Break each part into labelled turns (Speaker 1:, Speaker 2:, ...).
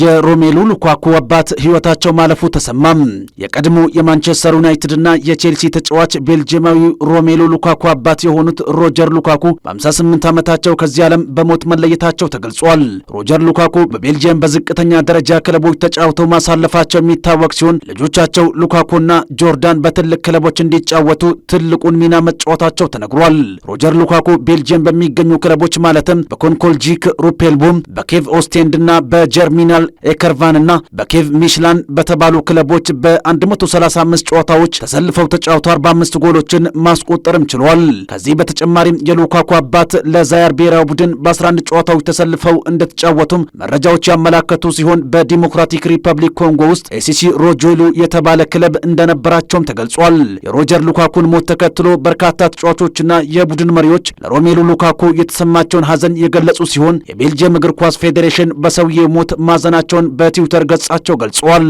Speaker 1: የሮሜሉ ሉካኩ አባት ሕይወታቸው ማለፉ ተሰማም። የቀድሞ የማንቸስተር ዩናይትድና የቼልሲ ተጫዋች ቤልጅማዊ ሮሜሉ ሉካኩ አባት የሆኑት ሮጀር ሉካኩ በ58 ዓመታቸው ከዚህ ዓለም በሞት መለየታቸው ተገልጿል። ሮጀር ሉካኩ በቤልጅየም በዝቅተኛ ደረጃ ክለቦች ተጫውተው ማሳለፋቸው የሚታወቅ ሲሆን ልጆቻቸው ሉካኩና ጆርዳን በትልቅ ክለቦች እንዲጫወቱ ትልቁን ሚና መጫወታቸው ተነግሯል። ሮጀር ሉካኩ ቤልጅየም በሚገኙ ክለቦች ማለትም በኮንኮልጂክ ሩፔልቡም፣ በኬቭ ኦስቴንድ እና በጀርሚናል ሪያል ኤከርቫንና በኬቭ ሚሽላን በተባሉ ክለቦች በ135 ጨዋታዎች ተሰልፈው ተጫውተው 45 ጎሎችን ማስቆጠርም ችሏል። ከዚህ በተጨማሪም የሉካኩ አባት ለዛያር ብሔራዊ ቡድን በ11 ጨዋታዎች ተሰልፈው እንደተጫወቱም መረጃዎች ያመላከቱ ሲሆን በዲሞክራቲክ ሪፐብሊክ ኮንጎ ውስጥ ኤሲሲ ሮጆሉ የተባለ ክለብ እንደነበራቸውም ተገልጿል። የሮጀር ሉካኩን ሞት ተከትሎ በርካታ ተጫዋቾችና የቡድን መሪዎች ለሮሜሉ ሉካኩ የተሰማቸውን ሐዘን የገለጹ ሲሆን የቤልጅየም እግር ኳስ ፌዴሬሽን በሰውዬ ሞት ማዘን መሆናቸውን በትዊተር ገጻቸው ገልጸዋል።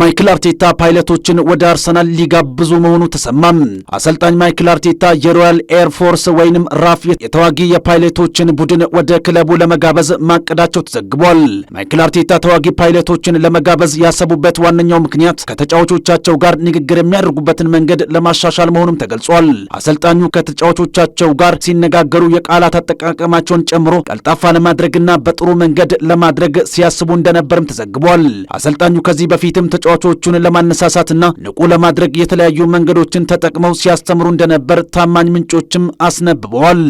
Speaker 1: ማይክል አርቴታ ፓይለቶችን ወደ አርሰናል ሊጋብዙ መሆኑ ተሰማም። አሰልጣኝ ማይክል አርቴታ የሮያል ኤርፎርስ ወይንም ራፍ የተዋጊ የፓይለቶችን ቡድን ወደ ክለቡ ለመጋበዝ ማቀዳቸው ተዘግቧል። ማይክል አርቴታ ተዋጊ ፓይለቶችን ለመጋበዝ ያሰቡበት ዋነኛው ምክንያት ከተጫዋቾቻቸው ጋር ንግግር የሚያደርጉበትን መንገድ ለማሻሻል መሆኑም ተገልጿል። አሰልጣኙ ከተጫዋቾቻቸው ጋር ሲነጋገሩ የቃላት አጠቃቀማቸውን ጨምሮ ቀልጣፋ ለማድረግና በጥሩ መንገድ ለማድረግ ሲያስቡ እንደነበርም ተዘግቧል። አሰልጣኙ ከዚህ በፊትም ተጫዋቾቹን ለማነሳሳትና ንቁ ለማድረግ የተለያዩ መንገዶችን ተጠቅመው ሲያስተምሩ እንደነበር ታማኝ ምንጮችም አስነብበዋል።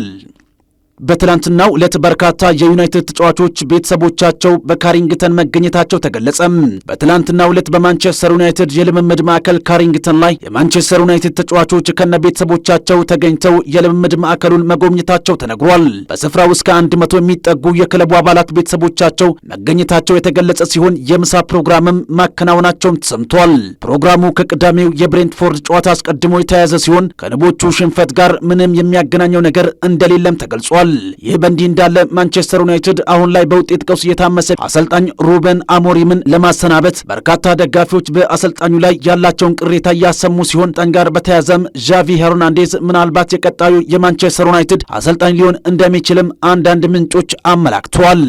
Speaker 1: በትላንትናው ዕለት በርካታ የዩናይትድ ተጫዋቾች ቤተሰቦቻቸው በካሪንግተን መገኘታቸው ተገለጸ። በትላንትናው ዕለት በማንቸስተር ዩናይትድ የልምምድ ማዕከል ካሪንግተን ላይ የማንቸስተር ዩናይትድ ተጫዋቾች ከነ ቤተሰቦቻቸው ተገኝተው የልምምድ ማዕከሉን መጎብኘታቸው ተነግሯል። በስፍራው እስከ አንድ መቶ የሚጠጉ የክለቡ አባላት ቤተሰቦቻቸው መገኘታቸው የተገለጸ ሲሆን የምሳ ፕሮግራምም ማከናወናቸውም ተሰምቷል። ፕሮግራሙ ከቅዳሜው የብሬንትፎርድ ጨዋታ አስቀድሞ የተያያዘ ሲሆን ከንቦቹ ሽንፈት ጋር ምንም የሚያገናኘው ነገር እንደሌለም ተገልጿል። ተናግሯል። ይህ በእንዲህ እንዳለ ማንቸስተር ዩናይትድ አሁን ላይ በውጤት ቀውስ እየታመሰ አሰልጣኝ ሩበን አሞሪምን ለማሰናበት በርካታ ደጋፊዎች በአሰልጣኙ ላይ ያላቸውን ቅሬታ እያሰሙ ሲሆን ጠን ጋር በተያዘም ዣቪ ሄርናንዴዝ ምናልባት የቀጣዩ የማንቸስተር ዩናይትድ አሰልጣኝ ሊሆን እንደሚችልም አንዳንድ ምንጮች አመላክተዋል።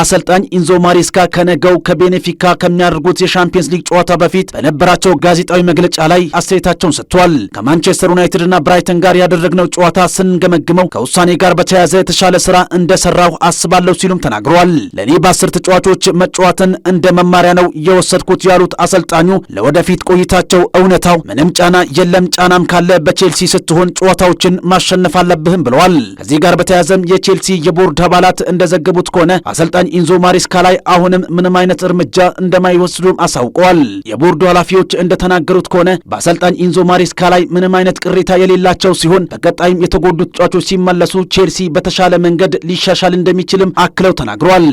Speaker 1: አሰልጣኝ ኢንዞ ማሪስካ ከነገው ከቤኔፊካ ከሚያደርጉት የሻምፒየንስ ሊግ ጨዋታ በፊት በነበራቸው ጋዜጣዊ መግለጫ ላይ አስተያየታቸውን ሰጥቷል። ከማንቸስተር ዩናይትድ እና ብራይተን ጋር ያደረግነው ጨዋታ ስንገመግመው ከውሳኔ ጋር በተያያዘ የተሻለ ስራ እንደሰራሁ አስባለሁ ሲሉም ተናግረዋል። ለእኔ በአስር ተጫዋቾች መጫወትን እንደ መማሪያ ነው የወሰድኩት ያሉት አሰልጣኙ ለወደፊት ቆይታቸው እውነታው ምንም ጫና የለም፣ ጫናም ካለ በቼልሲ ስትሆን ጨዋታዎችን ማሸነፍ አለብህም ብለዋል። ከዚህ ጋር በተያያዘም የቼልሲ የቦርድ አባላት እንደዘገቡት ከሆነ አሰልጣ አሰልጣኝ ኢንዞ ማሪስካ ላይ አሁንም ምንም አይነት እርምጃ እንደማይወስዱም አሳውቀዋል። የቦርዱ ኃላፊዎች እንደተናገሩት ከሆነ በአሰልጣኝ ኢንዞ ማሪስካ ላይ ምንም አይነት ቅሬታ የሌላቸው ሲሆን በቀጣይም የተጎዱ ተጫዋቾች ሲመለሱ ቼልሲ በተሻለ መንገድ ሊሻሻል እንደሚችልም አክለው ተናግረዋል።